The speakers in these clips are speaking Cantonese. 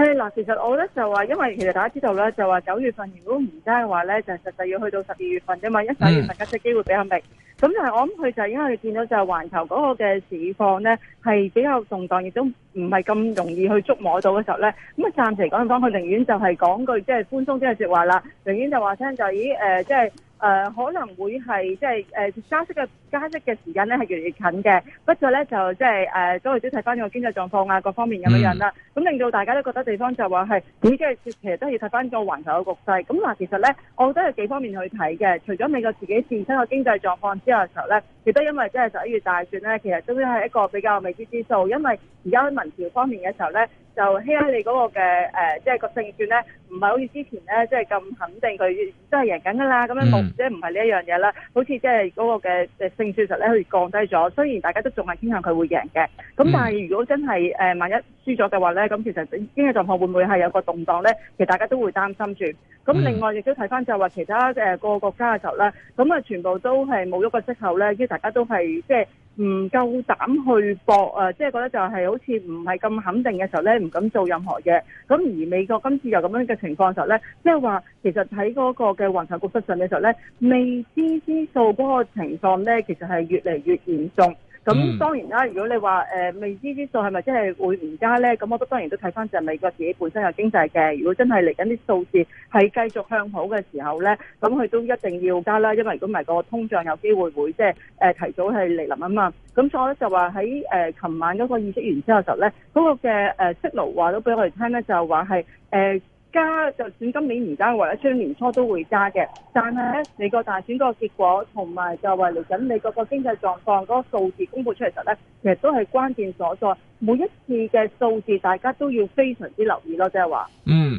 嗱，其實我覺得就話，因為其實大家知道咧，就話九月份如果唔加嘅話咧，就實際要去到十二月份啫嘛，一十二月份加息機會比較明。咁、嗯、就係我諗佢就係因為見到就係環球嗰個嘅市況咧係比較動蕩，亦都唔係咁容易去捉摸到嘅時候咧，咁啊暫時嚟講佢寧願就係講句即係寬鬆啲嘅說話啦，寧願就話聽就咦誒，即、呃、係。就是誒、呃、可能會係即係誒加息嘅加息嘅時間咧係越嚟越近嘅，不過咧就即係誒都係都要睇翻個經濟狀況啊各方面咁樣啦、啊，咁、mm. 嗯、令到大家都覺得地方就話係咦，即、呃、係其實都係要睇翻個環球嘅局勢。咁、嗯、嗱，其實咧，我覺得有幾方面去睇嘅，除咗美國自己自身嘅經濟狀況之外嘅時候咧，亦都因為即係十一月大選咧，其實都都係一個比較未知之數，因為而家喺民調方面嘅時候咧，就希拉里嗰個嘅誒，即係，呃，就係個勝算咧，唔係好似之前咧，即係咁肯定佢都係贏緊㗎啦。咁樣冇，mm. 即係唔係呢一樣嘢啦。好似即係嗰個嘅誒勝算率咧，佢降低咗。雖然大家都仲係傾向佢會贏嘅，咁但係如果真係誒萬一輸咗嘅話咧，咁其實經濟狀況會唔會係有個動盪咧？其實大家都會擔心住。咁、嗯、另外亦都睇翻就係話其他個國家嘅時候咧，咁啊全部都係冇咗個績效咧，因為大家都係即係唔夠膽去搏啊！即係覺得就係好似唔係咁肯定嘅時候咧，唔敢做任何嘢。咁而美國今次又咁樣嘅情況嘅時候咧，即係話其實喺嗰個嘅環球局勢上嘅時候咧，未知之數嗰個情況咧，其實係越嚟越嚴重。咁當然啦，如果你話、呃、未知之數係咪真係會唔加咧？咁我都當然都睇翻就美國自己本身有經濟嘅。如果真係嚟緊啲數字係繼續向好嘅時候咧，咁佢都一定要加啦。因為如果唔係個通脹有機會會即係、呃、提早係嚟臨啊嘛。咁所以我，咧就話喺誒琴晚嗰個意識議息完之後咧，嗰、那個嘅誒息奴話都俾我哋聽咧，就話係誒。加，就算今年唔加或者將年初都會加嘅，但係咧美國大選個結果，同埋就話嚟緊美國個經濟狀況嗰、嗰個數字公布出嚟時候咧，其實都係關鍵所在。每一次嘅數字，大家都要非常之留意咯，即係話。嗯。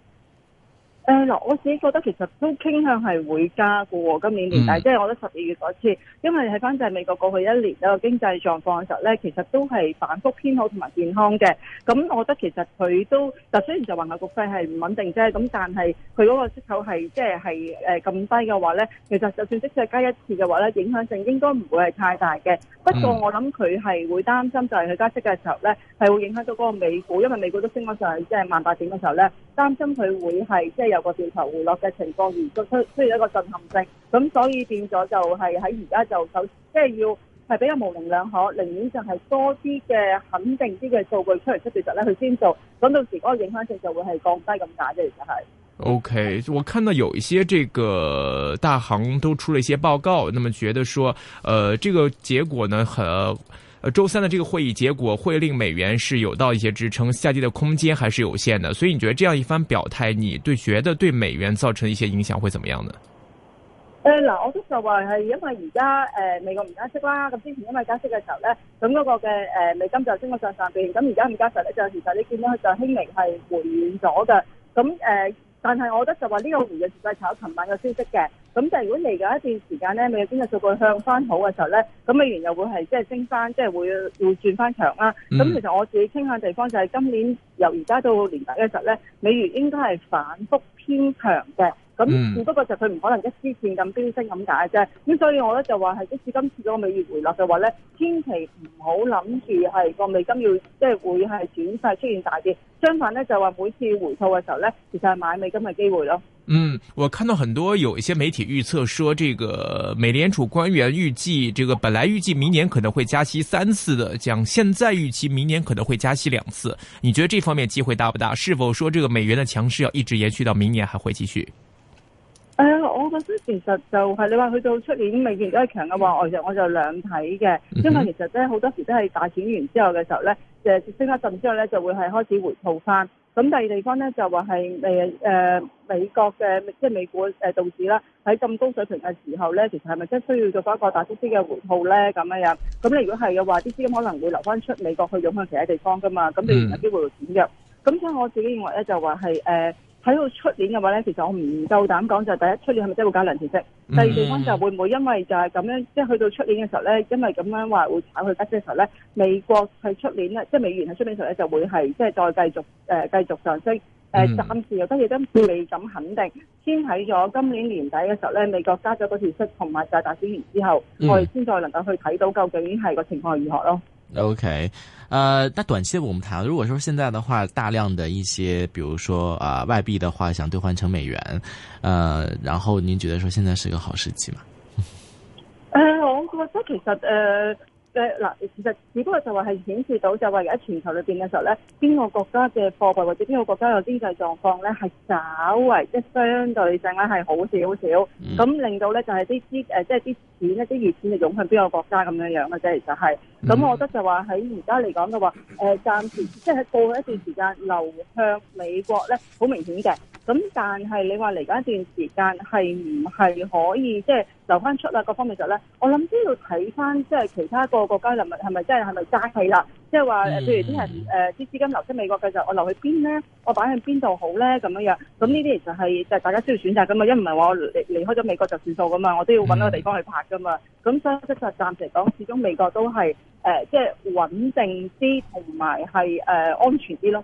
係咯，我自己覺得其實都傾向係會加嘅喎。今年年底，即係我覺得十二月嗰次，因為睇返就係美國過去一年嗰個經濟狀況嘅時候咧，其實都係反覆偏好同埋健康嘅。咁我覺得其實佢都，就雖然就話外圍局勢係唔穩定啫，咁但係佢嗰個息口係即係係誒咁低嘅話咧，其實就算息率加一次嘅話咧，影響性應該唔會係太大嘅。不過我諗佢係會擔心，就係佢加息嘅時候咧，係會影響到嗰個美股，因為美股都升咗上去，即係萬八點嘅時候咧，擔心佢會係即係有。個調查回落嘅情況而出出出現一個震撼性，咁所以變咗就係喺而家就首即係要係比較模棱兩可，寧願就係多啲嘅肯定啲嘅數據出嚟出，其實咧佢先做，咁到時嗰個影響性就會係降低咁解啫，其實係。OK，我看到有一些這個大行都出了一些報告，那麼覺得說，呃，這個結果呢很。呃，周三的這個會議結果會令美元是有到一些支撐，下跌的空間還是有限的。所以你覺得這樣一番表態，你對覺得對美元造成一些影響會怎麼樣呢？誒，嗱，我都就話係因為而家誒，美國唔加息啦。咁之前因為加息嘅時候咧，咁嗰個嘅誒、呃、美金就升咗上上邊。咁而家唔加息咧，就其實你見到佢就輕微係回暖咗嘅。咁誒。呃但係，我覺得就話呢個盤日時間炒，琴晚嘅消息嘅。咁但係，如果嚟緊一段時間咧，美日經濟數據向翻好嘅時候咧，美元又會係即係升翻，即係會會轉翻強啦。咁其實我自己傾向地方就係今年由而家到年底嘅時候咧，美元應該係反覆偏強嘅。咁，只、 嗯、不過就佢唔可能一絲線咁飆升咁解啫。咁所以我咧就話係即使今次咗美，美元回落嘅話咧，千祈唔好諗住係個美金要即係會係轉勢出現大跌。相反咧就話每次回吐嘅時候咧，其實係買美金嘅機會咯。嗯，我看到很多有一些媒體預測，說這個美聯儲官員預計，這個本來預計明年可能會加息三次的，講現在預期明年可能會加息兩次。你覺得這方面機會大不大？是否說這個美元的強勢要一直延續到明年，還會繼續？係、哎、啊，我覺得其實就係、是、你話去到出年未見得強嘅話，我就我就兩睇嘅，因為其實即好多時都係大展完之後嘅時候咧，就升一陣之後咧就會係開始回吐翻。咁第二地方咧就話係誒誒美國嘅即係美股誒、呃、道指啦，喺咁高水平嘅時候咧，其實係咪真係需要做翻一個大啲啲嘅回吐咧？咁樣樣咁你如果係嘅話，啲資金可能會留翻出美國去湧向其他地方噶嘛，咁自有機會入。咁、嗯、所以我自己認為咧，就話係誒。呃喺到出年嘅話咧，其實我唔夠膽講就係第一出年係咪真係會加兩次息，mm-hmm. 第二地方就係會唔會因為就係咁樣，即係去到出年嘅時候咧，因為咁樣話會炒佢加息嘅時候咧，美國係出年咧，即係美元係出年時候咧就會係即係再繼續誒繼續上升，誒，mm-hmm. 暫時又得嘢都未咁肯定，先睇咗今年年底嘅時候咧，美國加咗嗰次息，同埋就係大選完之後，mm-hmm. 我哋先再能夠去睇到究竟係個情況係如何咯。OK，呃，那短期我們談，如果說現在的話，大量的一些，比如說啊、呃，外幣的話，想兌換成美元，呃，然後您覺得說現在是個好時機嗎？ 呃，我覺得其實呃。嗯嗱、呃，其實只不過就話係顯示到就話而家全球裏邊嘅時候咧，邊個國家嘅貨幣或者邊個國家嘅經濟狀況咧，係稍為即係相對性咧係好少少，咁令到咧就係啲啲誒，即係啲錢咧，啲熱錢就湧向邊個國家咁樣樣嘅啫，其實係，咁我覺得就話喺而家嚟講嘅話，誒、呃，暫時即係、就是、過去一段時間流向美國咧，好明顯嘅。咁、嗯、但係你話嚟緊一段時間係唔係可以即係留翻出啊？各方面就咧，我諗都要睇翻，即係其他個國家係咪係咪真係係咪揸起啦？即係話譬如啲人誒啲資金流出美國嘅就我留去邊咧？我擺喺邊度好咧？咁樣樣咁呢啲其實係就係大家需要選擇噶嘛。因為唔係話我離離開咗美國就算數噶嘛？我都要揾個地方去拍噶嘛。咁、mm -hmm. 嗯、所以即係暫時嚟講，始終美國都係誒即係穩定啲同埋係誒安全啲咯。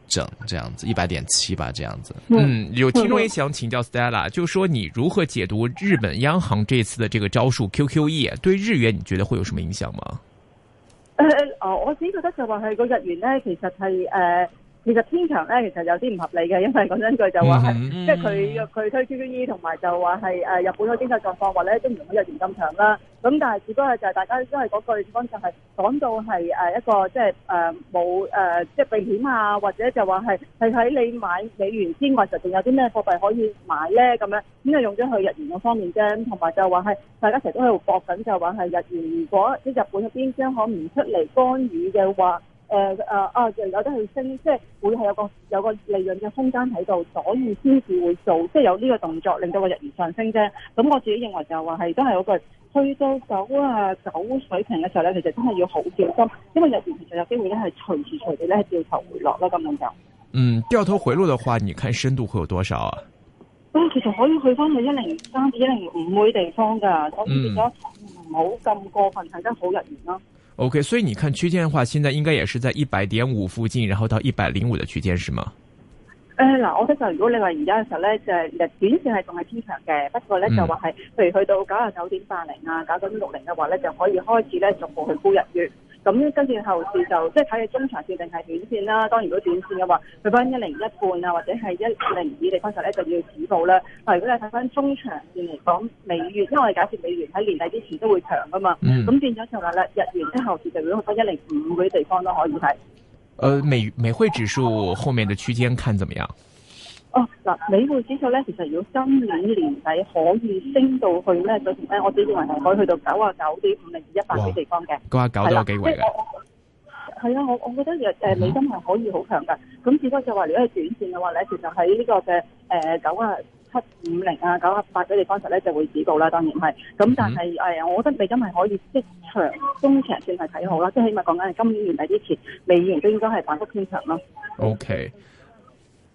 整這樣子一百點七吧，這樣子。嗯，有聽眾也想請教 Stella，就說你如何解讀日本央行這次的這個招數 QQE，對日元你覺得會有什麼影響嗎？呃，我自己覺得就話係、那個日元呢，其實係誒。呃其實天長咧，其實有啲唔合理嘅。因為講真句就話係、嗯嗯嗯，即係佢佢推 QQE 同埋就話係誒日本嘅經濟狀況，話咧都唔可以有咁長啦。咁但係只不過就係大家都係嗰句方就係講到係誒一個、就是呃呃、即係誒冇誒即係避險啊，或者就話係係喺你買美元之外就仲有啲咩貨幣可以買咧咁樣，點解，用咗去日元嗰方面啫。同埋就話係大家成日都喺度搏緊，就話係日元如果喺日本嗰邊央行唔出嚟干預嘅話。誒、呃、誒、呃、啊，啊有得去升，即係會係有個有個利潤嘅空間喺度，所以先至會做，即係有呢個動作令到個日元上升啫。咁我自己認為就係話係都係嗰句，去到走啊走水平嘅時候咧，其實真係要好小心，因為日元其實有機會咧係隨時隨地咧係掉頭回落啦咁樣。嗯，掉頭回落嘅話，你看深度會有多少啊？啊、嗯，其實可以去翻去一零三至一零五嘅地方噶，所以變咗唔好咁過分睇得好日元啦，啊。O、okay, K，所以你看區間嘅話，現在應該也是在一百點五附近，然後到一百零五嘅區間，是嗎？誒，嗱，我覺得就如果你話而家嘅時候咧，就係日短線係仲係偏強嘅，不過咧就話係，譬如去到九十九點八零啊，九九點六零嘅話咧，就可以開始咧逐步去沽日圓。咁跟住後市就即係睇嘅中長線定係短線啦，當然如果短線嘅話，去翻一零一半啊，或者係一零二地方時候咧就要止步啦。但如果你睇翻中長線嚟講，美元因為我哋假設美元喺年底之前都會強噶嘛，咁變咗就話啦，日元之後市就會去翻一零二五啲地方都可以睇。呃，美美匯指數後面嘅區間看點樣？哦，嗱，美匯指數咧，其實如果今年年底可以升到去咧，最前咧，我自認為係可以去到九啊九點五零二一八啲地方嘅，九啊九都有機會嘅。係啊、嗯，我我覺得誒誒美金係可以好強嘅。咁只不過就話，如果係短線嘅話咧，其實喺呢個嘅誒九啊七五零啊九啊八啲地方實咧就會止步啦。當然係，咁但係誒，我覺得美金係可、呃嗯哎、可以即長中長線係睇好啦，即係起碼講緊係今年年底之前，美元都應該係反覆偏強咯。OK。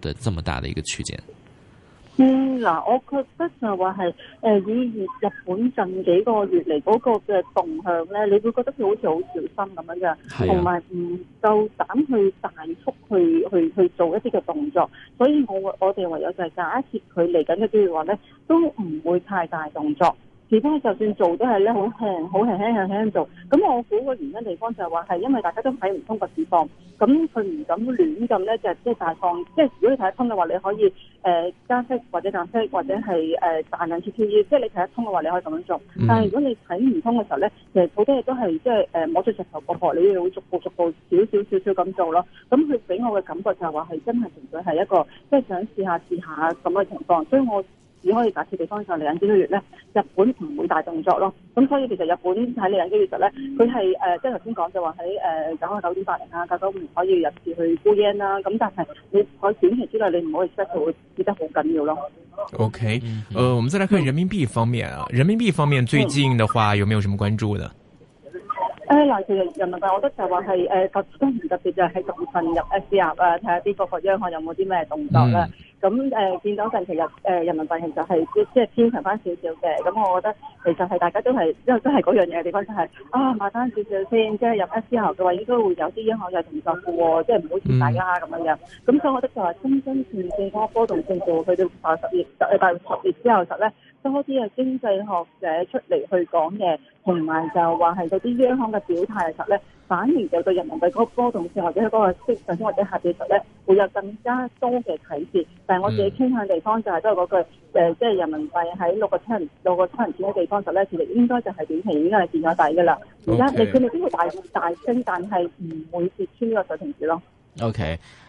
的這麼大的一個區間，嗯，嗱，我覺得就話係，誒，以日本近幾個月嚟嗰個嘅動向咧，你會覺得佢好似好小心咁樣樣，同埋唔夠膽去大幅去去去做一啲嘅動作，所以我我哋唯有就係假設佢嚟緊嘅，機會話咧，都唔會太大動作。其他就算做都係咧好輕，好輕，輕輕輕做。咁我估個原因地方就係話係因為大家都睇唔通個市況，咁佢唔敢亂咁咧，就即、是、係大放。即、就、係、是、如果你睇得通嘅話，你可以誒、呃、加息或者減息或者係誒大量撤資。即、呃、係、就是、你睇得通嘅話，你可以咁樣做。但係如果你睇唔通嘅時候咧，其實好多嘢都係即係摸著石頭過河，你會逐步逐步，逐步少少少少咁做咯。咁佢俾我嘅感覺就係話係真係純粹係一個即係、就是、想試下試下咁嘅情況。所以我。只可以隔次地方上嚟緊幾個月咧，日本唔會大動作咯。咁、嗯、所以其實日本喺呢兩三月度咧，佢係誒，即係頭先講就話喺誒九月九點八零啊，九九唔可以入市去沽 yen 啦。咁但係你喺短期之內，你唔可以 set 就會跌得好緊要咯。OK，誒、呃，我們再睇看人民幣方面啊。嗯、人民幣方面最近嘅話，有冇有什麼關注嘅？誒、嗯，嗱、呃，其實人民幣，我覺得就話係誒，呃、特別今年特別就係十月份入 S A、嗯、啊，睇下啲各國央行有冇啲咩動作啦。咁誒見到近期日、誒人民幣，其實係即即係偏強翻少少嘅，咁我覺得其實係大家都係因為都係嗰樣嘢嘅地方、就係啊點點，就係啊買返少少先，即係入咗之後嘅話，應該會有啲央行嘅動作嘅喎，即係唔好騙大家咁樣樣。咁、嗯、所以我覺得就係、是、真真正正嗰個波動性度去到啊十月十誒大概十月之後實咧，多啲嘅經濟學者出嚟去講嘢，同埋就話係嗰啲央行嘅表態嘅時候咧。實反而就對人民幣嗰波動性，或者佢嗰個升上升或者下跌時候咧，會有更加多嘅啟示。但係我自己傾向地方就係都係嗰句誒、嗯呃，即係人民幣喺六個七、六個七毫錢嘅地方實咧，其實應該就係短期已經係跌咗底噶啦。而、okay. 家你佢哋都會大大升，但係唔會跌穿呢個水平線咯。OK。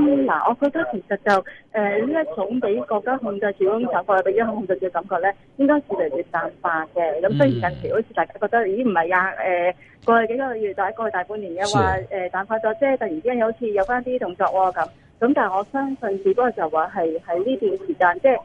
嗱、嗯，我覺得其實就誒呢、呃、一種俾國家控制住手法、調控感覺，俾央行控制住嘅感覺咧，應該越嚟越淡化嘅。咁雖然近期好似大家覺得咦唔係呀？誒、啊呃、過去幾個月，再過去大半年又話誒、呃、淡化咗，即係突然之間又好似有翻啲動作喎、哦、咁。咁但係我相信只不過就話係喺呢段時間，即係誒誒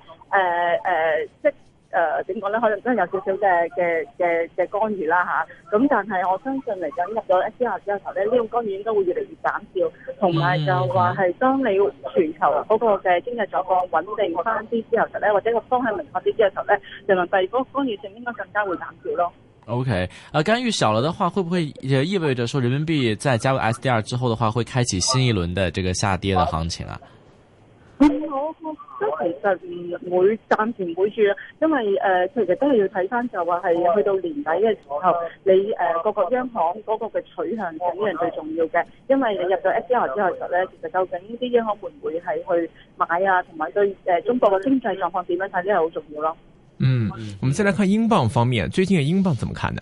即。誒、呃，點講咧？可能真係有少少嘅嘅嘅嘅干預啦吓，咁、啊、但係我相信嚟緊入咗 SDR 之後頭咧，呢種干預應該會越嚟越減少，同埋就話係當你全球嗰個嘅經濟狀況穩定翻啲之後頭咧，或者個方向明確啲之後頭咧，人民幣個干預性應該更加會減少咯。OK，啊、呃，干預少咗嘅話，會唔會意味着說人民幣再加入 SDR 之後嘅話，會開啟新一輪嘅這個下跌嘅行情啊？ 咁其實唔會暫時唔會住咯，因為誒其實都係要睇翻就話係去到年底嘅時候，你誒個個央行嗰個嘅取向呢樣最重要嘅，因為你入咗 SDR 之後，其實咧其實究竟呢啲央行會唔會係去買啊，同埋對誒中國嘅經濟狀況點樣睇呢係好重要咯。嗯，我們先嚟看英鎊方面，最近嘅英鎊怎麼看呢？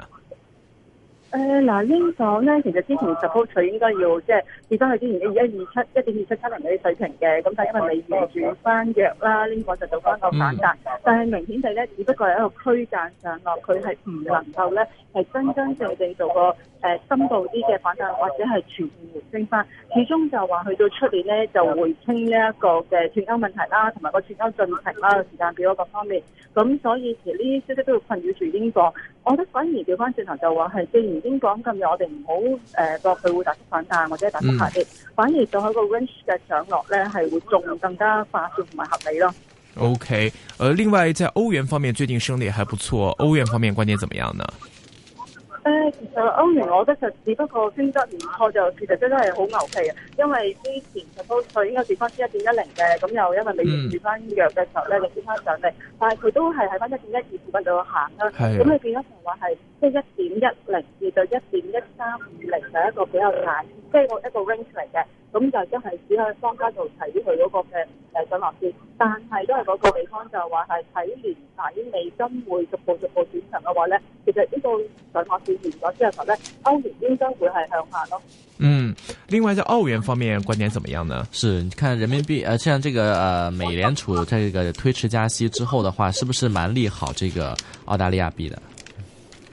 誒、呃，嗱、這個，呢，英鎊咧，其實之前十鋪取應該要即係跌翻去之前嘅二一二七、一點二七七零嗰啲水平嘅，咁但係因為美元轉返弱啦，呢、這個就做翻個反彈、嗯，但係明顯地呢，只不過係一個區間上落，佢係唔能夠呢，係真真正正做個誒、呃、深度啲嘅反彈，或者係全面回升返。始終就話去到出年呢，就會傾呢一個嘅脱歐問題啦、啊，同埋個脱歐進程啦，題、時間表嗰個方面，咁所以其實呢啲消息都會困擾住英鎊。我覺得反而調翻轉頭就話係，既然已經講咁樣，我哋唔好誒覺佢會大幅反彈或者等下跌、嗯，反而對佢個 range 嘅上落咧係會仲更加化小同埋合理咯。OK，呃，另外在歐元方面，最近升得也還不錯，歐元方面觀點怎麼樣呢？嗯嗯、其實歐元，我覺得就只不過升得唔錯，就其實真真係好牛皮啊！因為之前實都佢應該跌翻至一點一零嘅，咁又因為美元跌翻弱嘅時候咧，就跌翻上嚟，但係佢都係喺翻一點一二附近度行啦。咁你變咗同話係即係一點一零至到一點一三五零就一個比較大，即係一個一個 range 嚟嘅。咁就真係只可以方家做睇佢嗰個嘅誒上落線，但係都係嗰個地方就話係睇年底美金會逐步逐步，逐步轉神嘅話咧，其實呢個上落線。如果之後澳元應該會係向下咯。嗯，另外在澳元方面觀點怎麼樣呢？是你看人民幣，呃，像這個，呃，美聯儲這個推遲加息之後的話，是不是蠻利好這個澳大利亞幣的？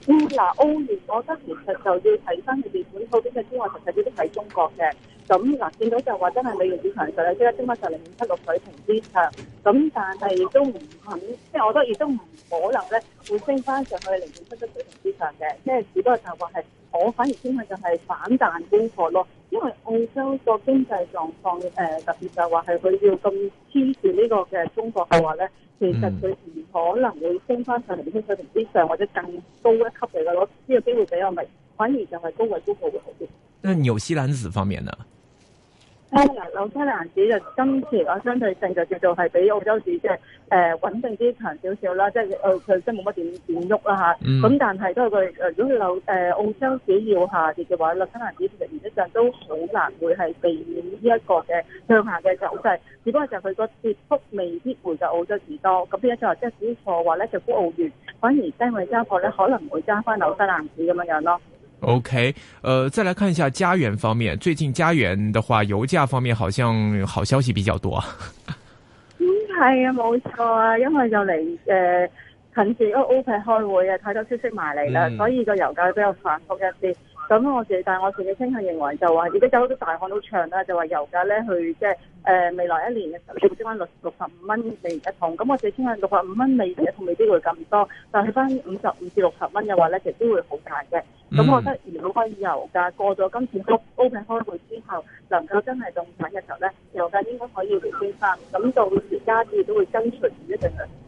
嗱、嗯啊、歐元，我覺得其實就要睇翻佢哋本套即係之外，其實際已經喺中國嘅。咁嗱，見到就話真係美元市場上時咧，即係升翻上零點七六水平之上，咁但係都唔肯，即係我覺得亦都唔可能咧會升翻上去零點七七水平之上嘅，即係只不過就話係我反而見到就係反彈觀錯咯。因為澳洲個經濟狀況誒、呃，特別就話係佢要咁黐住呢個嘅中國嘅話咧，其實佢唔可能會升翻上嚟，升到水平之上或者更高一級嚟嘅，攞、這、呢個機會比較咪反而就係高位沽貨會好啲。但係紐西蘭子方面呢？紐西蘭紙就今期啊，相對性就叫做係比澳洲紙即係誒，穩定啲強少少啦，即係誒佢真冇乜點點喐啦嚇。咁、啊 mm -hmm. 但係都係佢誒，如果紐誒澳洲紙要下跌嘅話，紐西蘭紙其實原則上都好難會係避免呢一個嘅向下嘅走勢，只不過就係佢個跌幅未必會夠澳洲紙多。咁呢一種話即係隻貨話咧，就估澳元反而低位揸貨咧，可能會加翻紐西蘭紙咁樣樣咯。O、okay, K，呃，再來看一下家園方面，最近家園的話，油價方面好像好消息比較多。嗯，係啊，冇錯啊，因為又嚟誒，近住一個、哦、OPEC 開會啊，太多消息埋嚟啦，所以個油價比較反覆一啲。咁我自己但係我自己傾向認為就話，如果有好多大行都唱啦，就話油價咧去即係。誒、呃、未來一年嘅時候，六千蚊六六十五蚊美一桶。咁我四千六十五蚊美一桶未必會咁多。但係翻五十五至六十蚊嘅話咧，其實都會好大嘅。咁、嗯、我覺得如果可以油價過咗今次高 open 開會之後，能夠真係動產嘅時候咧，油價應該可以回升翻。咁到時家，俬都會跟隨呢個。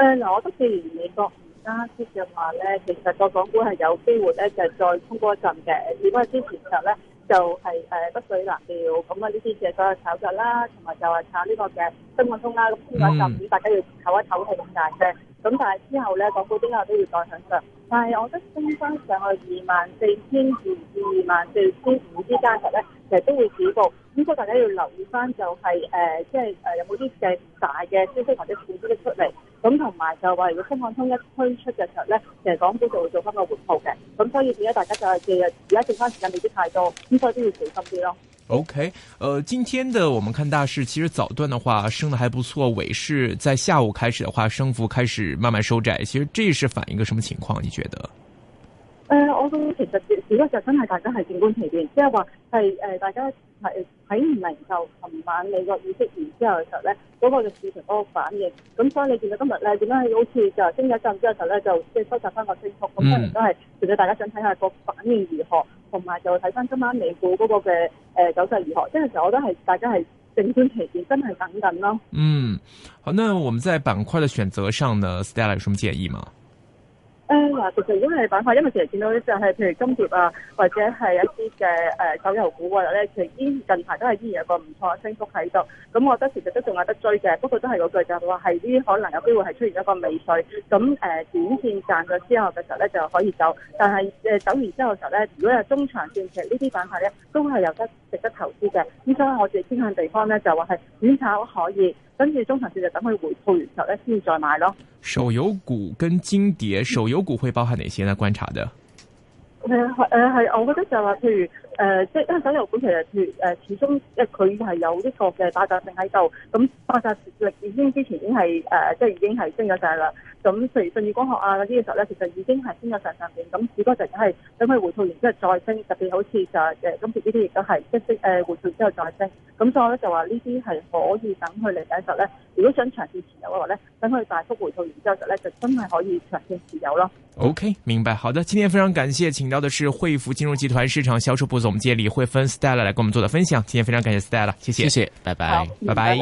誒，嗱， 我覺得既然美國而家跌嘅話咧，其實個港股係有機會咧，就係再通過一陣嘅。如果係之前其實咧就係不水流料。咁啊呢啲就係炒作啦，同埋就係炒呢個嘅新港通啦，咁先嗰陣時大家要唞一唞氣係咁解咁但係之後咧，港股點解都要再向上，但係我覺得升翻上去二萬四千二至二萬四千五之間嘅呢，咧，其實都會止步，咁所以大家要留意翻就係即係有冇啲嘅大嘅消息或者負消息出嚟，咁同埋就係話如果新港通一推出嘅時候咧，其實港股就會做翻個活報嘅，咁所以而家大家就係嘅日，而家剩翻時間未必太多，所以都要小心啲咯。O、okay, K，呃，今天的我們看大市，其實早段的話升得還不錯，尾市在下午開始的話升幅開始慢慢收窄，其實這是反映個什麼情況？你覺得？誒、呃，我諗其實而家就真係大家係靜觀其變，即係話係誒大家係喺唔能夠，琴晚你個議息完之後嘅時候咧，嗰、那個嘅市場嗰個反應，咁所以你見到今日咧點解好似就升咗一陣之後咧就即係收集翻落正確，咁當然都係，其實大家想睇下個反應如何。同埋就睇翻今晚美股嗰個嘅誒走勢如何，即係其實我覺得係大家係靜觀其變，真係等等咯。嗯，好，那我們在板塊嘅選擇上呢，Stella 有什麼建議嗎？其實如果係板塊，因為成日見到咧，就係譬如金蝶啊，或者係一啲嘅誒手遊股啊咧，其實依近排都係依然有個唔錯嘅升幅喺度，咁我覺得其實都仲有得追嘅，不過都係嗰句就係話係呢啲可能有機會係出現咗一個尾水，咁誒短線賺咗之後嘅時候咧就可以走，但係誒走完之後嘅時候咧，如果有中長線其實呢啲板塊咧，都係有得值得投資嘅。咁所以我哋傾向地方咧就話係短炒可以。跟住中長線就等佢回吐完之後咧，先至再買咯。手遊股跟金蝶，手遊股會包含哪些呢？觀察的。誒，係誒，係，我覺得就係話，譬如誒，即係因為手遊股，其實誒始終即係佢係有呢個嘅爆炸性喺度，咁爆炸力已經之前已經係誒，即係已經係升咗晒啦。咁譬如信義光學啊嗰啲嘅時候咧，其實已經係升咗上上邊。咁市哥就係等佢回吐完之後再升，特別好似就係誒今次呢啲亦都係一升誒回吐之後再升。咁所以我咧就話呢啲係可以等佢嚟解實咧。如果想長線持有嘅話咧，等佢大幅回吐完之後實咧，就真係可以長線持有咯。OK，明白，好的，今天非常感謝，請。到的是匯福金融集團市場銷售部總監李惠芬 Stella 來給我們做的分享。今天非常感謝 Stella，謝謝，謝謝，謝謝，拜拜，拜拜。